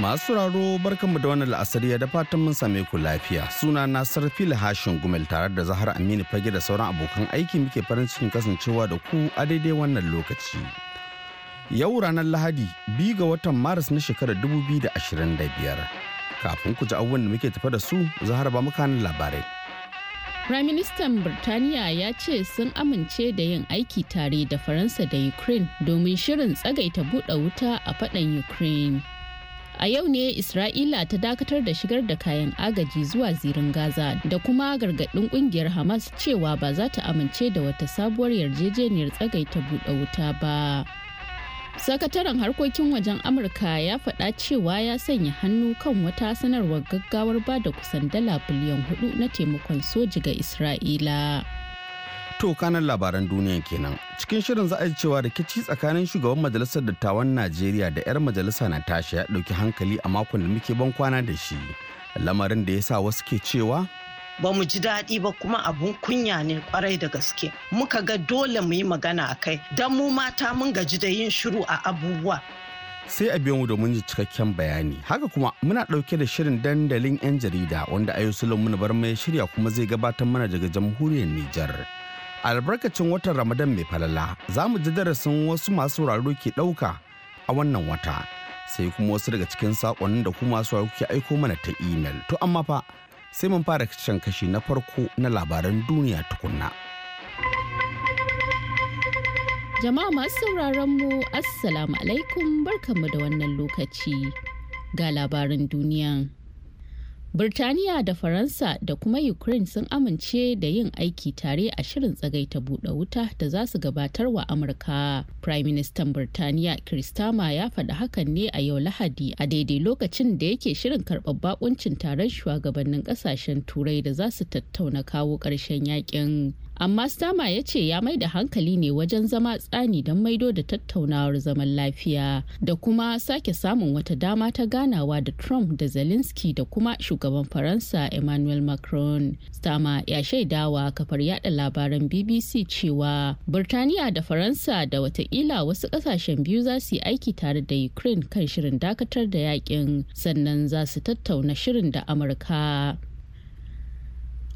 Masu sauraro barkanmu da wannan ya da fatan mun same ku lafiya. Suna na Sarfil Hashin Gumel tare da Zahar Aminu Fage da sauran abokan aiki muke farin cikin kasancewa da ku a daidai wannan lokaci. Yau ranar Lahadi, biyu ga watan Maris na shekarar 2025. Kafin ku ji abubuwan da muke tafa da su, Zahar ba mukanin labarai. Firaministan Birtaniya ya ce sun amince da yin aiki tare da Faransa da Ukraine domin shirin tsagaita buɗe wuta a faɗan Ukraine. A yau ne Isra'ila ta dakatar da shigar da kayan agaji zuwa zirin Gaza da kuma gargaɗin ƙungiyar Hamas cewa ba za ta amince da wata sabuwar yarjejeniyar tsagaita buɗe wuta ba. sakataren harkokin wajen amurka ya faɗa cewa ya sanya hannu kan wata sanarwar gaggawar bada kusan dala biliyan hudu na taimakon soji ga isra'ila To kanan labaran duniya kenan. Cikin shirin za a ji cewa rikici tsakanin shugaban majalisar dattawan Najeriya da 'yar majalisa na tashi ya ɗauki hankali a makon da muke ban kwana da shi. Lamarin da ya sa wasu ke cewa ba mu ji daɗi ba kuma abun kunya ne kwarai da gaske muka ga dole mu yi magana a kai don mu mata mun gaji da yin shiru a abubuwa sai a mu domin ji cikakken bayani haka kuma muna ɗauke da shirin dandalin 'yan jarida wanda ayo sulaimun bar mai shirya kuma zai gabatar mana daga jamhuriyar nijar albarkacin watan ramadan mai falala za mu ji darasin wasu masu sauraro ke ɗauka a wannan wata sai kuma wasu daga cikin saƙonin da kuma masu kuke aiko mana ta imel to amma fa sai mun fara shan kashi na farko na labaran duniya tukunna jama'a masu sauraron mu assalamu alaikum barkanmu da wannan lokaci ga labarin duniya Birtaniya da Faransa da kuma Ukraine sun amince da yin aiki tare a shirin tsagaita buɗe wuta da za su gabatar wa Amurka. Prime Minister Birtaniya Kristama ya faɗi hakan ne a yau Lahadi a daidai lokacin da yake shirin karɓar bakuncin taron shugabannin ƙasashen Turai da za su tattauna kawo ƙarshen yakin. amma stama ya ce ya mai da hankali ne wajen zama tsani don maido da tattaunawar zaman lafiya da kuma sake samun wata dama ta ganawa da trump da zelensky da kuma shugaban faransa emmanuel macron stama ya shaidawa kafar yada labaran bbc cewa birtaniya da faransa da watakila wasu kasashen biyu za su yi aiki tare da ukraine kan shirin dakatar da yakin sannan za su tattauna shirin da amurka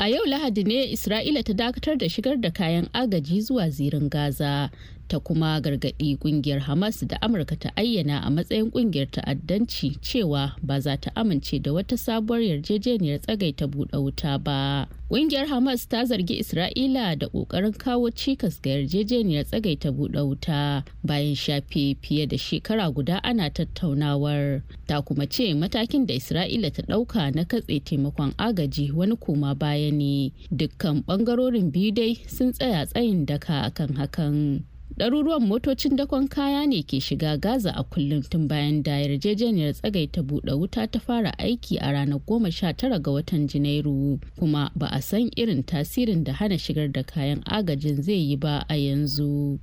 A yau Lahadi ne Isra'ila ta dakatar da shigar da kayan agaji zuwa zirin Gaza ta kuma gargaɗi kungiyar hamas da amurka ta ayyana a matsayin kungiyar ta'addanci cewa ba za ta amince da wata sabuwar yarjejeniyar tsagai ta buɗe wuta ba kungiyar hamas ta zargi isra'ila da ƙoƙarin kawo cikas ga yarjejeniyar tsagai ta buɗe wuta bayan shafe fiye da shekara guda ana tattaunawar ta kuma ce matakin da isra'ila ta ɗauka na katse taimakon agaji wani koma baya ne dukkan ɓangarorin biyu dai sun tsaya tsayin daka akan hakan ɗaruruwan motocin dakon kaya ne ke shiga gaza a kullum tun bayan da yarjejeniyar tsagai ta buɗe wuta ta fara aiki a ranar goma sha tara ga watan janairu kuma ba a san irin tasirin da hana shigar da kayan agajin zai yi ba a yanzu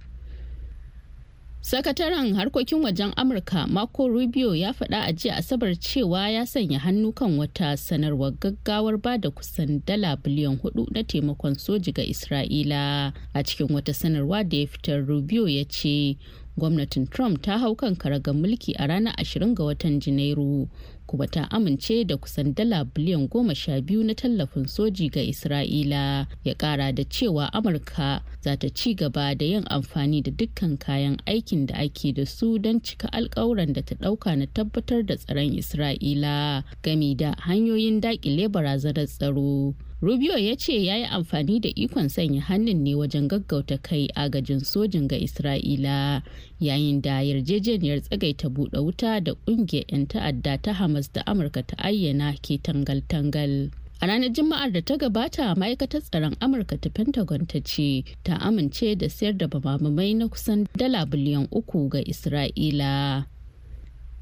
Sakataren harkokin wajen Amurka Marco Rubio ya faɗa a jiya Asabar cewa ya sanya hannu kan wata sanarwar gaggawar ba da kusan dala biliyan hudu na taimakon soji ga Isra'ila. A cikin wata sanarwa da ya fitar Rubio ya ce, gwamnatin Trump ta hau kan karagar mulki a ranar 20 ga watan Janairu kuma ta amince da kusan dala biliyan goma sha biyu na tallafin soji ga isra'ila ya kara da cewa amurka za ta ci gaba da yin amfani da dukkan kayan aikin da ake da su don cika alkawuran da ta dauka na tabbatar da tsaron isra'ila gami da hanyoyin dakile barazanar tsaro Rubio ya ce ya yi amfani da ikon sanya hannun ne wajen gaggauta kai agajin sojin ga Isra'ila yayin da yarjejeniyar tsagaita buɗe wuta da ƙungiyar 'yan ta'adda ta Hamas da Amurka ta ayyana ke tangal-tangal. A ranar Juma'ar da ta gabata ma'aikatar tsaron Amurka ta Pentagon ta ce ta amince da sayar da bamamai na kusan dala biliyan uku ga Isra'ila.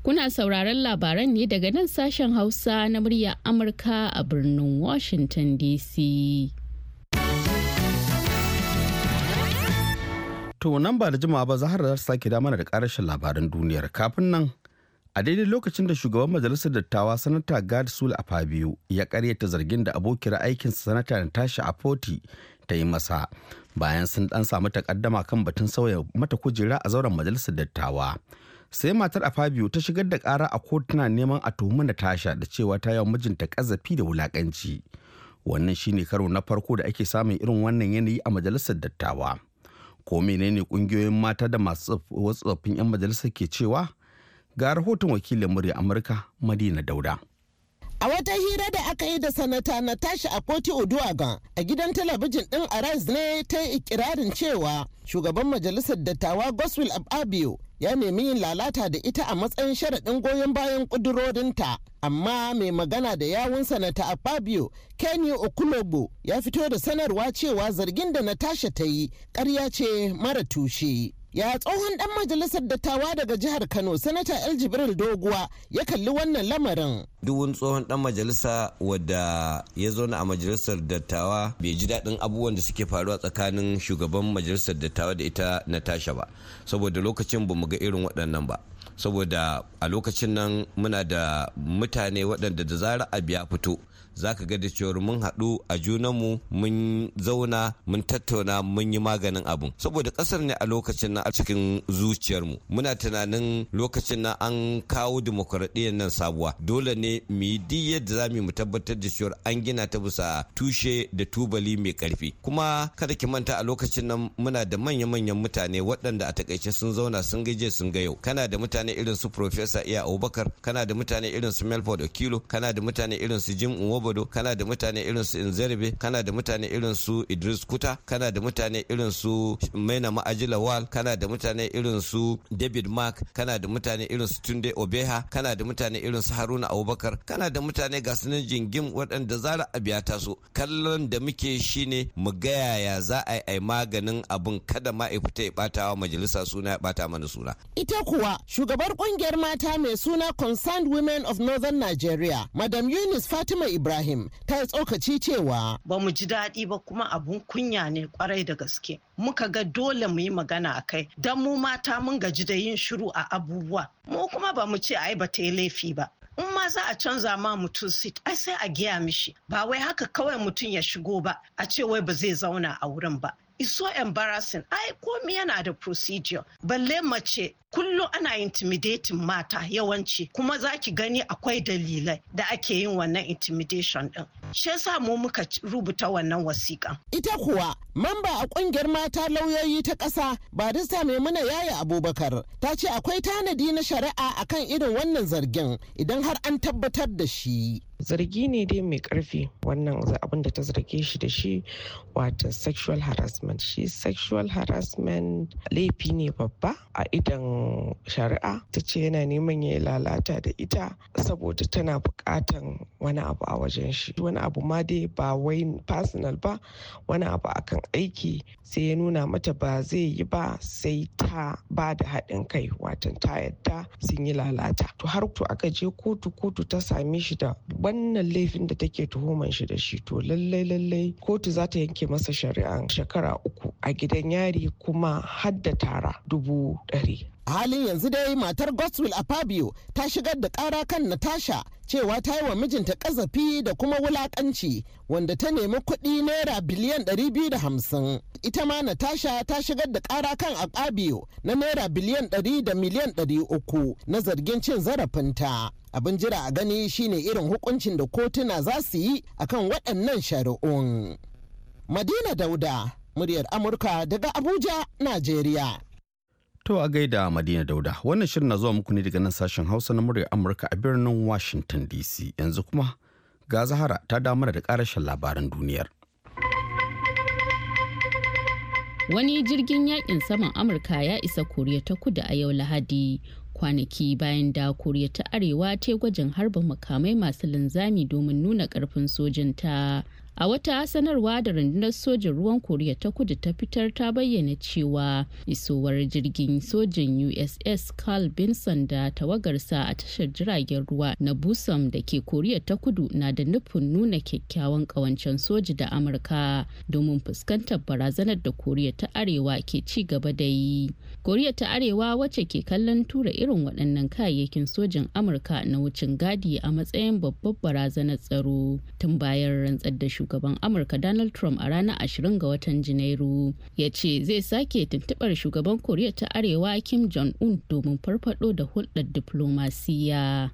Kuna sauraron labaran ne daga nan sashen Hausa na murya Amurka a birnin Washington DC. To nan ba da jimawa ba zahar za ta sake damar da karashin labaran duniyar kafin nan a daidai lokacin da shugaban majalisar dattawa sanata gad sul a biyu ya karyata zargin da abokin aikinsa sanata na tashi a foti ta yi masa bayan sun dan samu takaddama kan batun sauya mata kujera a zauren majalisar dattawa. sai matar a fabio ta shigar da kara a kotuna neman a tuhumi tasha da cewa ta yawan mijinta kazafi da wulakanci wannan shine karo na farko da ake samun irin wannan yanayi a majalisar dattawa ko menene kungiyoyin mata da masu tsoffin 'yan majalisar ke cewa ga rahoton wakilin murya amurka madina dauda A wata hira da aka yi da sanata na Natasha koti Oduwaga a gidan talabijin din Arise ne ta yi ikirarin cewa shugaban majalisar dattawa abu Ababio ya nemi yin lalata da ita a matsayin sharaɗin goyon bayan ƙudurorinta amma mai magana da yawun sanata a fabio kenny okulobo ya fito da sanarwa cewa zargin da natasha ta yi ƙarya ce mara tushe ya tsohon dan majalisar dattawa daga jihar kano sanata el jibril doguwa ya kalli wannan lamarin duwun tsohon dan majalisa wadda ya zo a majalisar dattawa bai ji daɗin abubuwan da suke faruwa tsakanin shugaban majalisar dattawa da ita na tasha ba saboda lokacin ba mu ga irin waɗannan ba saboda a lokacin nan muna da mutane waɗanda da zara abu ya fito za ka ga da cewar mun haɗu a junanmu mun zauna mun tattauna mun yi maganin abun saboda ƙasar ne a lokacin nan a cikin zuciyarmu muna tunanin lokacin nan an kawo dimokuraɗiyyar nan sabuwa dole ne mu yi duk yadda za mu tabbatar da cewar an gina ta bisa tushe da tubali mai ƙarfi kuma kada ki manta a lokacin nan muna da manya-manyan mutane waɗanda a takaice sun zauna sun gaje sun ga yau kana da mutane irin su Profesa Iya Abubakar kana da mutane irin su Melford Okilo kana da mutane irin su Jim Godo kana da mutane irin su Inzerbe kana da mutane irin su Idris Kuta kana da mutane irin su Maina ma'ajila wal kana da mutane irin su David Mark kana da mutane irin su Tunde Obeha kana da mutane irin su Haruna Abubakar kana da mutane ga sunan jingim waɗanda zara abiya ta so kallon da muke shine mu ga yaya za a yi maganin abin kada ma ya fita ya bata wa majalisa suna ya bata mana suna ita kuwa shugabar kungiyar mata mai suna Concerned Women of Northern Nigeria Madam Yunus Fatima Ibrahim Ibrahim ta tsokaci cewa. Ba mu ji daɗi ba kuma abun kunya ne kwarai da gaske. Muka ga dole mu yi magana a kai don mu mata mun gaji da yin shiru a abubuwa. Mu kuma ba mu ce ai ba ta yi laifi ba. in ma za a canza ma mutum sit ai sai a giya mishi ba wai haka kawai mutum ya shigo ba a ce wai ba zai zauna a wurin ba is so embarrassing ai komi yana da procedure balle mace kullum ana intimidating mata yawanci kuma za ki gani akwai dalilai da ake yin wannan intimidation din shi yasa mu muka rubuta wannan wasiƙa ita kuwa mamba a ƙungiyar mata lauyoyi ta ƙasa barista maimuna yaya abubakar ta ce akwai tanadi na shari'a akan irin wannan zargin idan har an tabbatar da shi zargi ne dai mai karfi wannan abin da ta zarge shi da shi wato sexual harassment shi sexual harassment laifi ne babba a idan shari'a ta ce yana neman ya lalata da ita saboda tana bukatan wani abu a wajen shi wani abu ma dai ba wai personal ba wani abu a kan aiki sai ya nuna mata ba zai yi ba sai ta ba da haɗin kai watan ta yadda sun yi lalata to har to aka je kotu kotu ta same shi da wannan laifin da take tuhuman shi da shi to lallai lallai kotu za ta yanke masa shari'an shekara uku a gidan yari kuma hadda tara dubu ɗari a halin yanzu dai matar gospel a fabio ta shigar da ƙara kan natasha cewa ta yi wa mijinta kazafi da kuma wulakanci wanda ta nemi kuɗi naira biliyan 250 ita ma natasha ta shigar da ƙara kan akabio na naira biliyan 100 da miliyan 300 na zargin cin zarafinta abin jira a gani shine irin hukuncin da kotuna za su yi akan waɗannan shari'un madina dauda muryar amurka daga abuja najeriya To a gaida Madina Dauda, wannan shirin na zuwa muku ne daga nan sashen Hausa na murya Amurka a birnin Washington DC. Yanzu kuma ga Zahara ta damar da ƙarashin labaran duniyar. Wani jirgin yakin saman Amurka ya isa Koriya ta kudu a yau Lahadi. kwanaki bayan da koriya ta arewa ta gwajin harba makamai masu linzami domin nuna karfin sojinta a wata sanarwa da rundunar sojin ruwan koriya ta kudu ta fitar ta bayyana cewa isowar jirgin sojin uss carl benson da tawagarsa a tashar jiragen ruwa na busam da ke koriya ta kudu na da nufin nuna kyakkyawan kawancen soji da amurka domin fuskantar barazanar da koriya ta arewa ke ci gaba da yi koriya ta arewa wacce ke kallon tura irin waɗannan kayayyakin sojin amurka na wucin gadi a matsayin babbar barazanar tsaro tun bayan rantsar da shu shugaban amurka donald trump a ranar 20 ga watan janairu ya ce zai sake tuntubar shugaban koriya ta arewa kim jong-un domin farfado da hulɗar diplomasiya.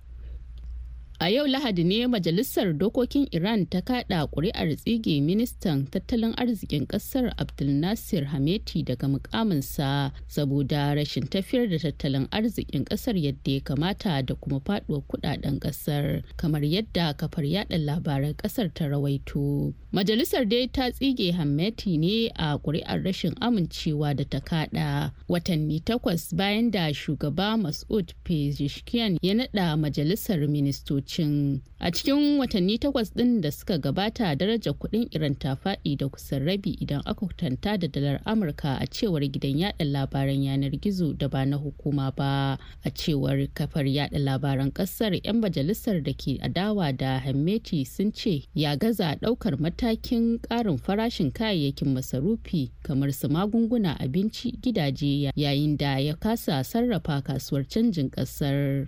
A yau Lahadi ne Majalisar Dokokin Iran ta kada kuri'ar tsige ministan tattalin arzikin kasar Abdulnasir Hameti daga mukaminsa saboda rashin tafiyar da tattalin arzikin kasar yadda ya kamata da kuma faduwar kudaden kasar kamar yadda kafar yada labaran kasar ta rawaito. Majalisar dai ta tsige Hameti ne a kuri'ar rashin amincewa da ta kada watanni takwas bayan da shugaba Mas'ud Pezeshkian ya naɗa majalisar ministoci. wucin A cikin watanni takwas ɗin da suka gabata daraja kuɗin Iran ta faɗi da kusan rabi idan aka kwatanta da dalar Amurka a cewar gidan yada labaran yanar gizo da ba na hukuma ba. A cewar kafar yada labaran ƙasar 'yan majalisar da ke adawa da Hammeti sun ce ya gaza ɗaukar matakin ƙarin farashin kayayyakin masarufi kamar su magunguna abinci gidaje yayin da ya kasa sarrafa kasuwar canjin ƙasar.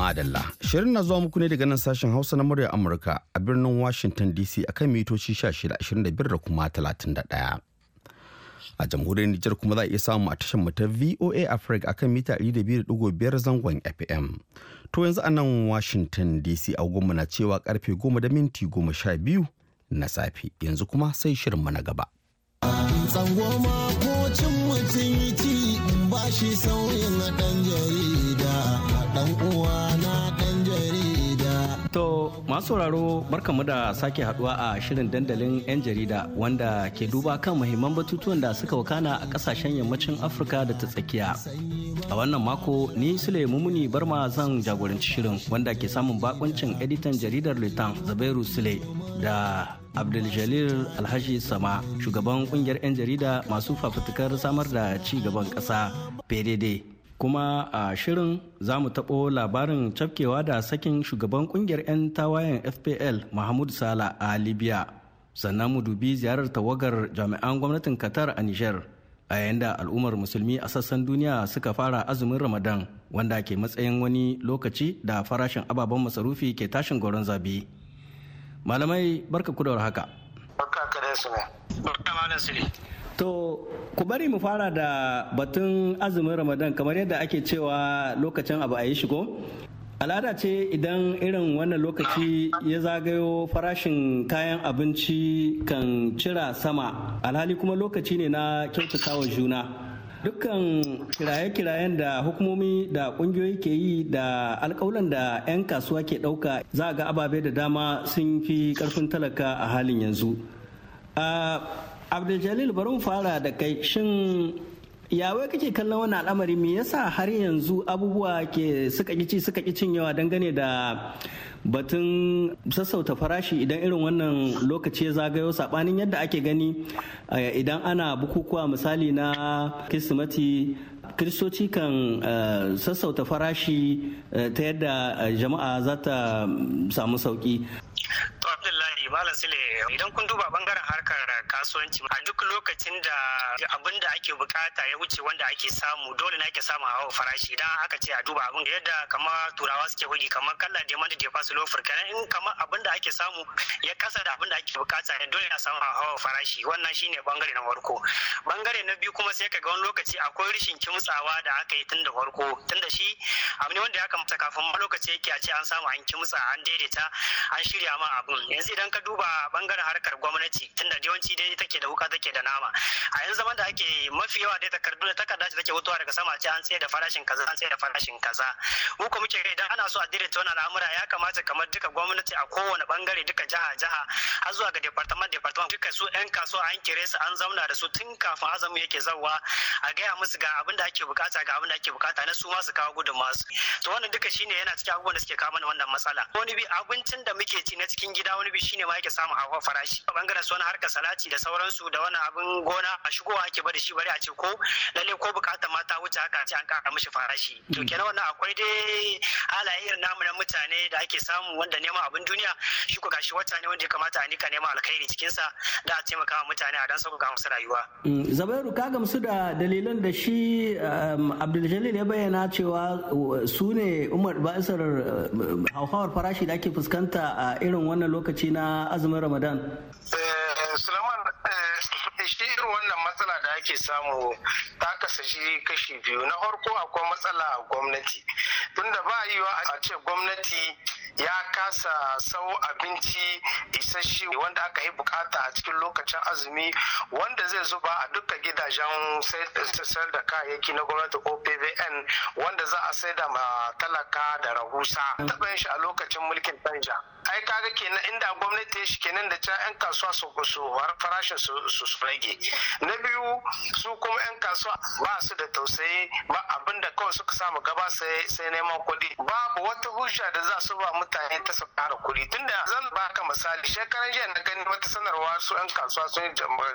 ma'adalla Shirin na zuwa muku ne daga nan sashen Hausa na murya Amurka a birnin Washington DC a kan mitoci 1625 da kuma 31. A jamhuriyar Nijar kuma za a iya samu a tashar mu ta VOA Africa kan mita 200.5 zangon FM. To yanzu a nan Washington DC a goma na cewa karfe 10 da minti 12 na safe. Yanzu kuma sai shirin mu na gaba. Tsango makocin mutum yi ci ba shi dan uwa na dan jarida. To masu sauraro barkamu da sake haduwa a shirin dandalin 'yan jarida wanda ke duba kan muhimman batutuwan da suka wakana a kasashen yammacin Afirka da ta tsakiya. A wannan mako ni Sule Mumuni Barma zan jagoranci shirin wanda ke samun bakuncin editan jaridar Litan Zabairu Sule da abduljalil alhaji sama shugaban kungiyar 'yan jarida masu fafutukar samar da ci gaban ƙasa pdd kuma a shirin za mu taɓo labarin cafkewa da sakin shugaban kungiyar 'yan tawayen fpl mahmud sala a libya sannan mu dubi ziyarar tawagar jami'an gwamnatin qatar a niger a yayin da al'ummar musulmi a sassan duniya suka fara azumin ramadan wanda ke matsayin wani lokaci da farashin ababen masarufi ke tashin goron zabi malamai barka kudawar haka To, ku bari mu fara da batun azumin Ramadan kamar yadda ake cewa lokacin abu a yi shigo. Al'ada ce idan irin wannan lokaci ya zagayo farashin kayan abinci kan cira sama, alhali kuma lokaci ne na kyautatawa juna. dukkan kiraye-kirayen da hukumomi da kungiyoyi ke yi da alkawalan da 'yan kasuwa ke ɗauka za a ga ababe da dama sun fi karfin talaka a halin yanzu a abdul bari mu fara da kai shin yawai kake kallon wani al'amari me yasa har yanzu abubuwa ke suka yawa suka cinyewa dangane da batun sassauta farashi idan irin wannan lokaci ya zagayo sabanin yadda ake gani eh, idan ana bukukuwa misali na kirsimati kiristoci kan eh, sassauta farashi eh, ta yadda jama'a za ta samu sauki Malam Sule idan kun duba bangaren harkar kasuwanci a duk lokacin da abin da ake bukata ya wuce wanda ake samu dole na ake samu hawa farashi idan aka ce a duba abin yadda kama turawa suke hudi kamar kalla da da ya fasu in kama abin da ake samu ya kasa da abin da ake bukata dole na samu hawa farashi wannan shine bangare na farko bangare na biyu kuma sai ka ga wani lokaci akwai rishin kimtsawa da aka yi tun da farko tun da shi abu ne wanda ya kamata kafin lokaci yake a ce an samu an kimtsa an daidaita an shirya ma abin yanzu idan ka ka duba bangaren harkar gwamnati tunda yawanci dai take da wuka take da nama a yanzu zaman da ake mafi yawa dai takardu da takarda ce take wutuwa daga sama ce an tsaye da farashin kaza an tsaye da farashin kaza mu ko muke idan ana so a daidaita wannan al'amura ya kamata kamar duka gwamnati a kowane bangare duka jaha jaha har zuwa ga department department duka su yan kasuwa an kire su an zauna da su tun kafin azumi yake zawa a gaya musu ga abin da ake bukata ga abin da ake bukata na su ma su kawo gudun masu. to wannan duka shine yana cikin abubuwan da suke kawo mana wannan matsala wani bi abincin da muke ci na cikin gida wani bi shine ma yake samun hawa farashi a bangaren su wani harkar salati da sauransu da wani abin gona a shigowa ake bari shi bari a ce ko lalle ko bukatar mata wuce haka ce an kara mishi farashi to hmm. kenan wannan akwai dai halaye irin namu na mutane da ake samu wanda neman abin duniya shi ko gashi wata ne wanda ya kamata a nika neman alkhairi cikin sa da a taimaka wa mutane a dan ga musu rayuwa hmm, zabairu ka gamsu da dalilan da shi um, abdul ya bayyana cewa uh, su ne umar ba'isar uh, hauhawar farashi da ake fuskanta a irin wannan lokaci na na azumin ramadan Eh, Suleiman eh, shi wannan matsala da ake samu ta kasashe kashi biyu na farko akwai matsala a gwamnati tunda ba a yiwa a ce gwamnati ya kasa sau abinci isasshe wanda aka yi bukata a cikin lokacin azumi wanda zai zuba a duka gidajen sayar da kayayyaki na gwamnati ko pbn wanda za a sai ma talaka da rahusa taɓa shi a lokacin mulkin tanja ai kaga kenan inda gwamnati ya shi kenan da can 'yan kasuwa kasuwa su farashin su rage na biyu su kuma 'yan kasuwa ba su da tausayi ba abin da kawai suka samu gaba sai neman kuɗi babu wata hujja da za su ba mutane ta su ƙara kuɗi tunda zan baka misali shekaran jiya na gani wata sanarwa su 'yan kasuwa sun yi jihar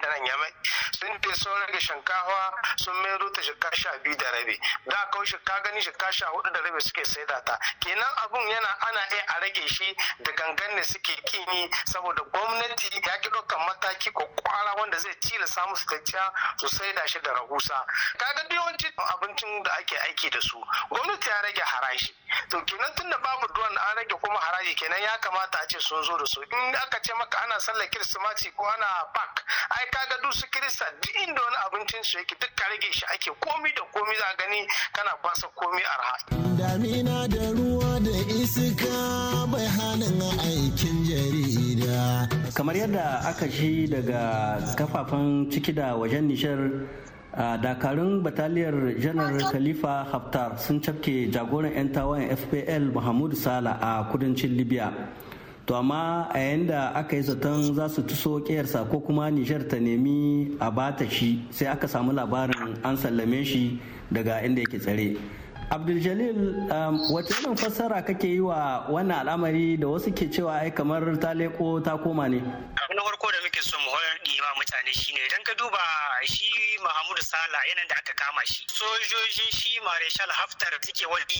da nan yamai sun fi sun rage shinkafa sun mero ta shika sha biyu da rabi da kawai shika gani shika sha hudu da rabi suke da ta kenan abun yana ana iya a rage shi da gangan ne suke kini saboda gwamnati gwamnati ya ki ɗaukan mataki ko kwara wanda zai tilasta musu tacciya su sai da shi da rahusa kaga yawanci abincin da ake aiki da su gwamnati ya rage haraji to kenan tun da babu duwan an rage kuma haraji kenan ya kamata a ce sun zo da su in aka ce maka ana sallar kirsimaci ko ana pak ai ka ga dusu kirista duk inda wani abincin su yake duk ka rage shi ake komi da komi za gani kana basa komi arha damina kamar yadda aka shi daga kafafen ciki da wajen nishar a dakarun bataliyar janar khalifa haftar sun cafke jagoran 'yan tawayen fpl muhammadu sala a kudancin libya to amma a da aka yi zaton za su tuso kiyarsa ko kuma nijar ta nemi a bata shi sai aka samu labarin an sallame shi daga inda yake tsare abdul-jalil um, wace irin fassara kake yi wa wannan al'amari da wasu ke cewa ai kamar ta leko ta koma ne farko da muke so mu horar ma mutane shine idan ka duba shi Muhammadu Sala yanan da aka kama shi sojojin shi Marshal Haftar suke wani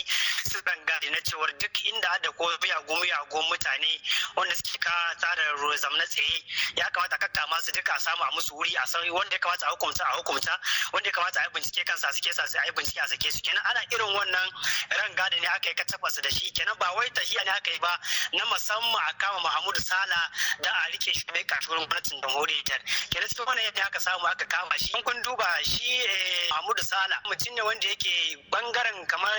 su danga na cewar duk inda ada ko miyagun miyagun mutane wanda suke ka tsara rozam na tsaye ya kamata ka kama su duka samu a musu wuri a san wanda ya kamata a hukumta a hukumta wanda ya kamata a yi bincike kansa suke sa su a yi bincike a sake su kenan ana irin wannan ran gadi ne aka yi ka tabbasa da shi kenan ba wai tahiya ne aka yi ba na musamman a kama Muhammadu Sala da a rike shi mai kashu gwamnatin jamhuriyar jar kenan su wani yadda aka samu aka kama shi kun duba shi eh, mahmudu sala mutum ne wanda yake bangaren kamar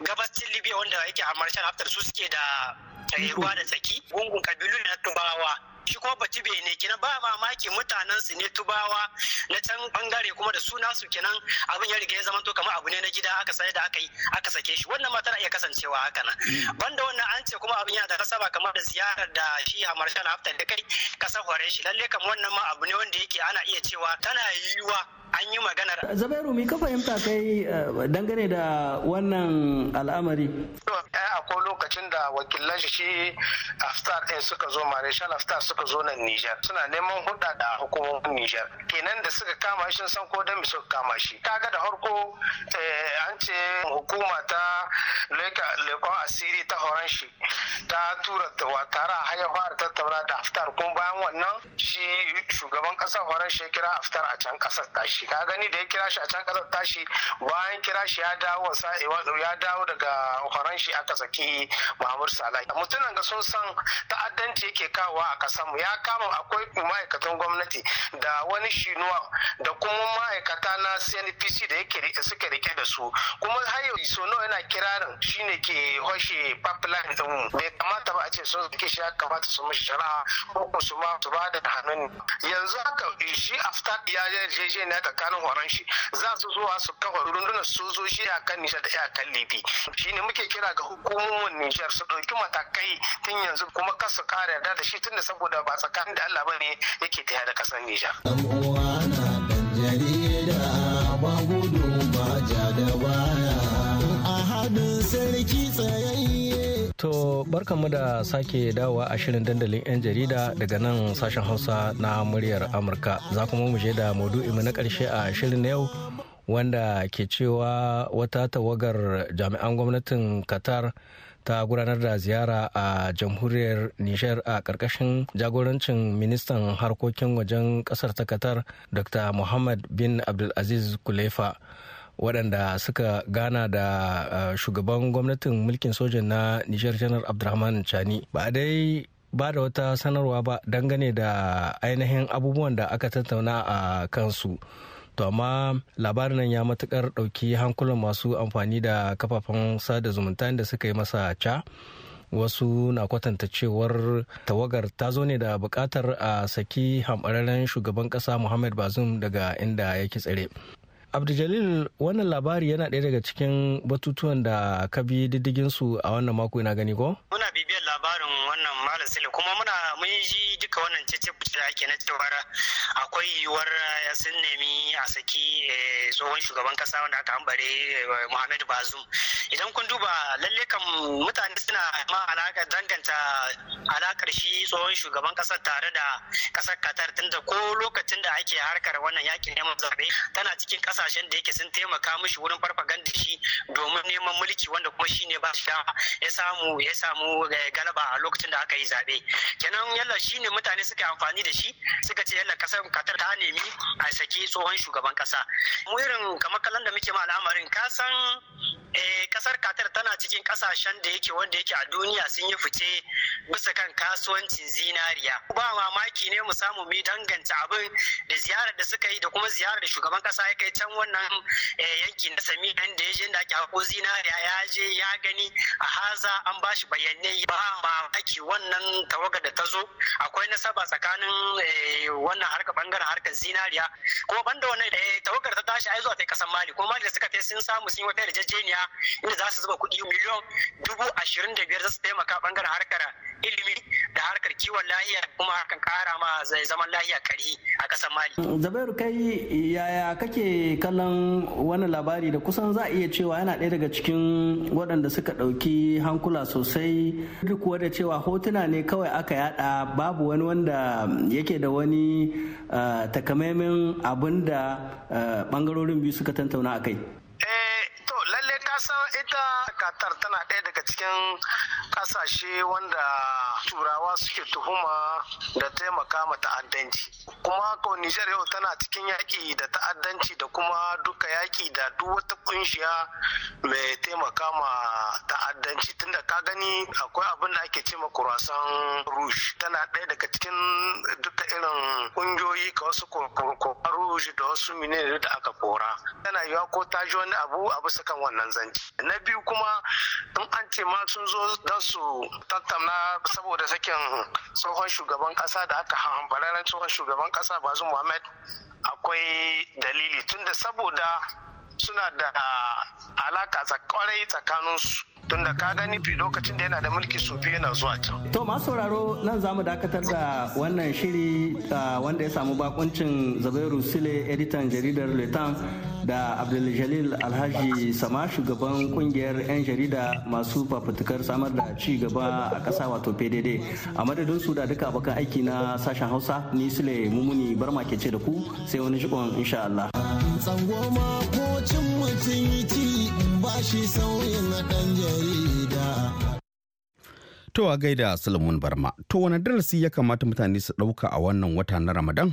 gabashin libya wanda yake a marshal after su suke da eh, ruwa da tsaki gungun kabilu na tubawa shi ko bai ne kenan ba mamaki mutanen su ne tubawa na can bangare kuma da suna su kenan abin ya riga ya zama to kamar abu ne na gida aka sai da aka yi aka sake shi wannan ma tana iya kasancewa haka nan mm. banda wannan an ce kuma abin yana da nasaba kamar da ziyarar da shi a marshal haftar da kai kasar shi lalle kamar wannan ma abu ne wanda yake ana iya cewa tana yiwuwa an yi maganar zabairu mi ka fahimta kai eh, dangane da wannan al'amari eh, akwai lokacin da wakilan shi Aftar ɗin suka zo marishal Aftar suka zo nan nijar suna neman hudda da hukumomin nijar kenan da suka kama shi san ko dan suka kama shi kaga da harko eh, an ce hukuma ta lekon asiri ta horon shi ta tura a hanyar fara tattauna da aftar kuma bayan wannan shi shugaban ƙasar horon shi kira aftar a can ƙasar tashi shi ka gani da ya kira shi a can kasar tashi bayan kira shi ya dawo ya dawo daga horon shi aka saki mahmud salai Mutunan ga sun san ta'addanci yake kawo a kasar mu ya kama akwai ma'aikatan gwamnati da wani shinuwa da kuma ma'aikata na CNPC da yake suke rike da su kuma har yau so nawa yana kirarin shine ke hoshe pipeline din bai kamata ba a ce sun zake shi ya kamata su mashi shari'a ko su ma su ba da hannun yanzu haka shi after ya je na tsakanin horon shi za su zuwa su kafa rundunar sojoji a kan Nijar da iyakan Libi ne muke kira ga hukumomin Nijar su ɗauki matakai tun yanzu kuma kar su ƙara yarda da shi tunda saboda ba tsakanin da Allah ne yake taya da ƙasar Nijar. To barkanmu da sake dawowa a shirin dandalin 'yan jarida daga nan sashen Hausa na muryar Amurka. Za kuma mu je da maudu'inmu na karshe a shirin yau wanda ke cewa wata tawagar jami'an gwamnatin Qatar ta gudanar da ziyara a jamhuriyar Nijar a ƙarƙashin jagorancin ministan harkokin wajen ƙasar ta Qatar Dr. Muhammad bin Abdulaziz Kulefa. waɗanda suka gana da shugaban gwamnatin mulkin sojan na nijar janar abdulrahman chani ba dai ba da wata sanarwa ba dangane da ainihin abubuwan da aka tattauna a kansu to amma labarin nan ya matukar ɗauki hankulan masu amfani da kafafen sada zumunta da suka yi masa ca wasu na kwatanta cewar tawagar ta zo ne da bukatar a saki hambararren shugaban ƙasa muhammad bazum daga inda yake tsare AbdulJalil wannan labari yana ɗaya daga cikin batutuwan da ka bi diddigin su a wannan mako ina gani ko muna bibiyar labarin wannan malam sile kuma muna mun ji duka wannan cece da ake na cewa akwai yiwuwar eh, sun nemi a saki eh, tsohon shugaban kasa wanda aka ambare eh, muhammadu bazum idan kun duba lalle kan mutane suna ma alaka danganta alakar shi tsohon shugaban kasar tare da kasar katar tunda ko lokacin da ake harkar wannan yakin neman zaɓe tana cikin ƙasa. kasashen da yake sun taimaka mishi wurin farfaganda shi domin neman mulki wanda kuma shine ba shi ya samu ya samu eh, galaba a lokacin da aka yi zabe kenan yalla shine mutane suka yi amfani da shi suka ce yalla kasar katar ta nemi a saki tsohon shugaban kasa mu irin kamar kallon da muke ma al'amarin ka kasar Qatar tana cikin kasashen da yake wanda yake a duniya sun yi fice bisa kan kasuwancin zinariya. Ba mamaki ne mu samu mu danganta abin da ziyarar da suka yi da kuma ziyarar da shugaban kasa ya kai can wannan eh, yanki na sami ɗan da ya je da ake hako zinariya ya je ya gani a haza an ba shi bayanai ba mamaki wannan tawagar da ta zo akwai nasaba tsakanin eh, wannan harka bangaren harkar zinariya kuma banda wannan eh, tawagar ta tashi ai zuwa ta kasan Mali kuma Mali da suka tai sun samu sun yi wata yarjejeniya inda za su zuba kuɗi miliyon dubu ashirin da biyar za su taimaka bangaren harkar ilimi da harkar kiwon lahiya kuma hakan kara ma zaman lahiya kari a ƙasar mali. zabairu kai yaya kake kallon wani labari da kusan za a iya cewa yana ɗaya daga cikin waɗanda suka ɗauki hankula sosai duk da cewa hotuna ne kawai aka yada babu wani wanda yake da wani eh, takamaimin abin da eh, ɓangarorin biyu suka tantauna a kai. Qatar tana ɗaya daga cikin ƙasashe wanda turawa suke tuhuma da taimaka ma ta'addanci. Kuma ko Nijar yau tana cikin yaƙi da ta'addanci da kuma duka yaƙi da duk wata ƙunshiya mai taimaka ma ta'addanci tunda ka gani akwai abin da ake ce ma kurasan rouge tana ɗaya daga cikin duka irin ƙungiyoyi ka wasu rouge da wasu minene da aka kora tana yiwa ko ta ji wani abu a bisa kan wannan zanci na biyu kuma in an ce ma sun zo don su tattauna saboda sakin tsohon shugaban kasa da aka hambararren tsohon shugaban kasa bazu muhammad akwai dalili tunda saboda suna da alaka kwarai tsakaninsu tunda ka gani fi lokacin da yana da mulki su biyu yana zuwa can. To masu sauraro nan za mu dakatar da wannan shiri ah, wanda ya samu bakuncin Zabairu sile editan jaridar Letan da abduljalil alhaji sama shugaban kungiyar 'yan jarida masu fafutukar samar da ci gaba a ƙasa wato pdd a madadin su da duka abokan aiki na sashen hausa ni sule mumuni barma ke ce da ku sai wani jikon insha allah tsango mutum ci ba shi sauyin jarida To a gaida Solomon Barma, to wani darasi ya kamata mutane su ɗauka a wannan wata na Ramadan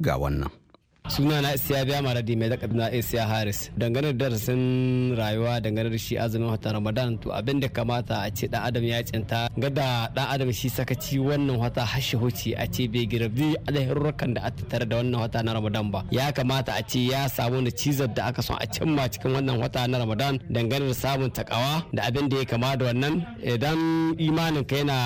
ga wannan. suna na isiya biya maradi mai lakabina isiya haris dangane da darasin rayuwa dangane da shi azumin wata ramadan to abin da kamata a ce dan adam ya cinta gada dan adam shi sakaci wannan wata hashi huci a ce bai girabdi alherurrukan da aka tattara da wannan wata na ramadan ba ya kamata a ce ya samu na cizar da aka son a cimma cikin wannan wata na ramadan dangane da samun takawa da abin da ya kama da wannan idan imanin ka yana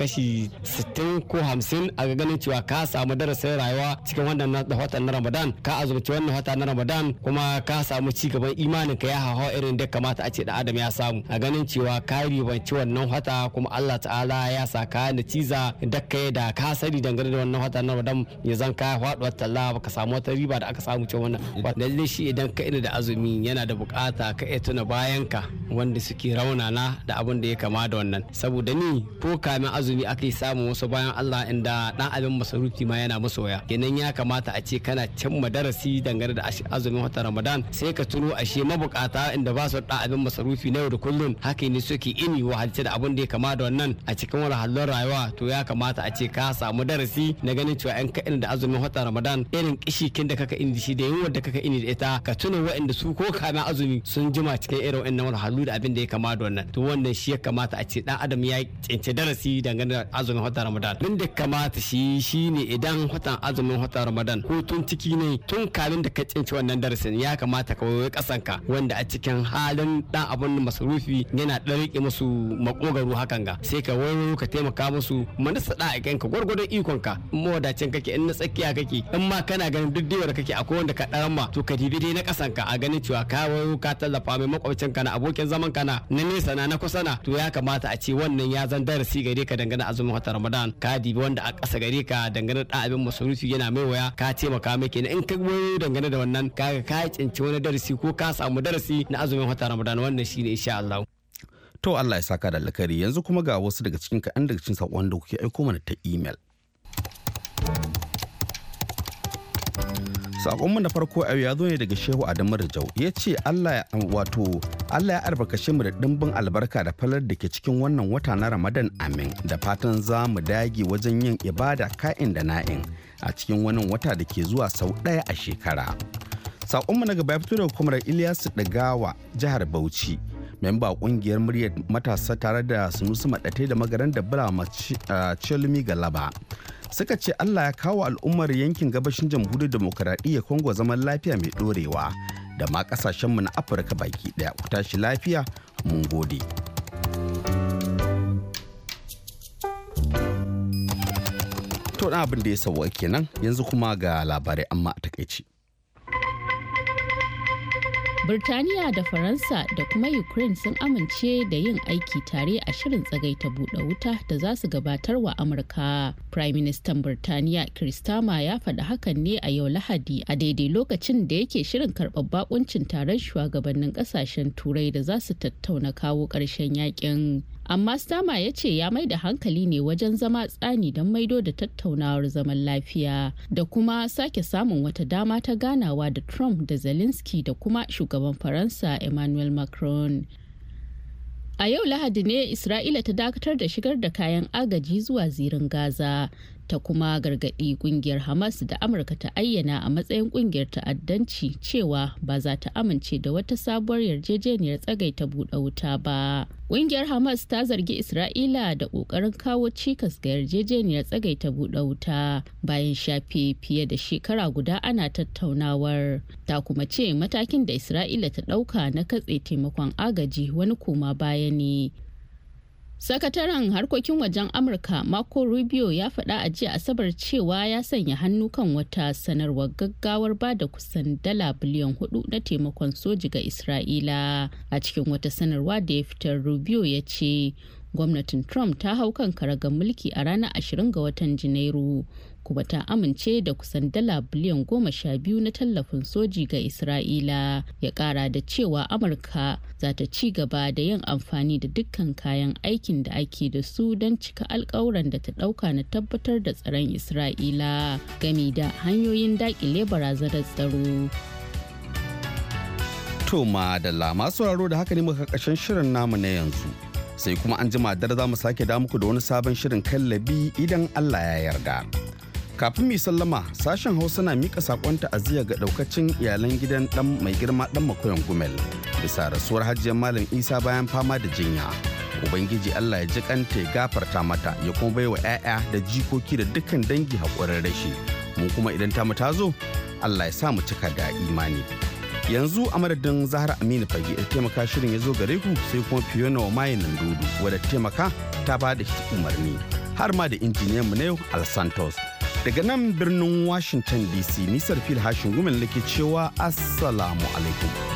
kashi 60 ko 50 a ganin cewa ka samu darasin rayuwa cikin wannan watan na ramadan ramadan ka azumci wannan wata na ramadan kuma ka samu ci gaban imanin ka ya hawa irin da kamata a ce da adam ya samu a ganin cewa ka ribanci wannan wata kuma allah ta'ala ya sa ka ciza da yi da ka sani dangane da wannan wata na ramadan ya zan ka faduwar talla baka samu wata riba da aka samu cikin wannan lalle shi idan ka ina da azumi yana da bukata ka iya tuna bayan ka wanda suke raunana da abin da ya kama da wannan saboda ni ko kamin azumi aka yi samun wasu bayan allah inda dan abin masarufi ma yana masoya kenan ya kamata a ce kana can madarasi dangane da azumin watan ramadan sai ka a ashe mabukata inda ba su da abin masarufi na yau da kullun haka ne suke ini wahalce da abin da ya kama da wannan a cikin wahalhalun rayuwa to ya kamata a ce ka samu darasi na ganin cewa yan ka'in da azumin watan ramadan irin kishikin da kaka ini shi da yunwar da kaka ini da ita ka tuna waɗanda su ko kana azumi sun jima cikin irin wannan wahalhalu da abin da ya kama da wannan to wannan shi ya kamata a ce dan adam ya cince darasi dangane da azumin watan ramadan abin da kamata shi shine idan watan azumin watan ramadan ko tun ciki shine tun kalin da ka tsinci wannan darasin ya kamata ka wayo ka wanda a cikin halin dan abun masarufi yana dan rike musu makogaro hakan ga sai ka wayo ka taimaka musu manasa da aikin ka gwargwadon ikon ka wadacin kake in na tsakiya kake in ma kana ganin duk da kake akwai wanda ka dan ma to ka dibi dai na kasanka a ganin cewa ka wayo ka tallafa mai makwabcin ka na abokin zaman ka na na nesa na na kusa na to ya kamata a ce wannan ya zan darasi gare ka dangane azumin watan Ramadan ka dibi wanda a kasa gare ka dangane da abin masarufi yana mai waya ka taimaka mai kenan in ka goyo dangane da wannan kaga ka cinci wani darasi ko ka samu darasi na azumin wata Ramadan wannan shine insha Allah to Allah ya saka da alkhairi yanzu kuma ga wasu daga cikin kaɗan daga cikin sakon da kuke aiko mana ta email sakonmu na farko a ya zo ne daga shehu adamu jau ya ce allah wato allah ya albarkace mu da dimbin albarka da falar da ke cikin wannan wata na ramadan amin da fatan za mu dage wajen yin ibada ka'in da na'in a cikin wani wata da ke zuwa sau ɗaya a shekara sakonmu na gaba ya fito daga kwamar ilyasu dagawa jihar bauchi memba kungiyar muryar matasa tare da sunusu madatai da magaran da bula ga ah, galaba suka ce Allah ya kawo al'ummar yankin gabashin jamhuriyar demokuraɗiyyar Congo zaman lafiya mai dorewa da ma mu na Afirka baki daya ku tashi lafiya mun gode. To abin da ya sauwa kenan yanzu kuma ga labarai amma a takaici. Birtaniya da Faransa da kuma Ukraine sun amince da yin aiki tare a shirin tsagaita buɗe wuta da za su gabatar wa Amurka. Prime Minister Birtaniya Kristama ya faɗi hakan ne a yau Lahadi a daidai lokacin da yake shirin karɓar bakuncin taron shugabannin ƙasashen Turai da za su tattauna kawo ƙarshen yakin. amma stama ya ce ya mai da hankali ne wajen zama tsani don maido da tattaunawar zaman lafiya da kuma sake samun wata dama ta ganawa da trump da zelensky da kuma shugaban faransa emmanuel macron a yau lahadi ne isra'ila ta dakatar da shigar da kayan agaji zuwa zirin gaza ta kuma gargaɗi kungiyar hamas da amurka ta ayyana a matsayin kungiyar ta'addanci cewa ba za ta amince da wata sabuwar yarjejeniyar tsagaita buɗe wuta ba kungiyar hamas ta zargi isra'ila da ƙoƙarin kawo cikas ga yarjejeniyar tsagaita buɗe wuta bayan shafe fiye da shekara guda ana tattaunawar ta kuma ce matakin da isra'ila ta ɗauka na katse taimakon agaji wani koma baya ne Sakataren harkokin wajen Amurka Marco Rubio ya faɗa a jiya Asabar cewa ya sanya hannu kan wata sanarwar gaggawar ba da kusan dala biliyan hudu na taimakon soji ga Isra'ila. A cikin wata sanarwa da ya fitar Rubio ya ce, gwamnatin Trump ta hau kan karagar mulki a ranar 20 ga watan Janairu kuma ta amince da kusan dala biliyan goma sha biyu na tallafin soji ga isra'ila ya kara da cewa amurka za ta ci gaba da yin amfani da dukkan kayan aikin da ake da su don cika alkawuran da ta dauka na tabbatar da tsaron isra'ila gami da hanyoyin dakile barazanar tsaro to madalla masu sauraro da haka ne muka ƙarshen shirin namu na yanzu sai kuma an jima dare za mu sake da muku da wani sabon shirin kallabi idan allah ya yarda. kafin mai sallama sashen hausa na mika sakon ta'aziyya ga daukacin iyalan gidan dan mai girma dan makoyan gumel bisa rasuwar hajjiyar malam isa bayan fama da jinya ubangiji allah ya ji kanta ya gafarta mata ya kuma baiwa 'ya'ya da jikoki da dukkan dangi haƙurin rashi mu kuma idan ta mu ta zo allah ya sa mu cika da imani yanzu a madadin zahra aminu fage ya taimaka shirin ya zo gare ku sai kuma fiona wa maye nan dudu wadda taimaka ta ba da shi umarni har ma da injiniyan mu na yau al santos Daga nan birnin Washington DC, nisar fil hashin gumin lake cewa Assalamu alaikum.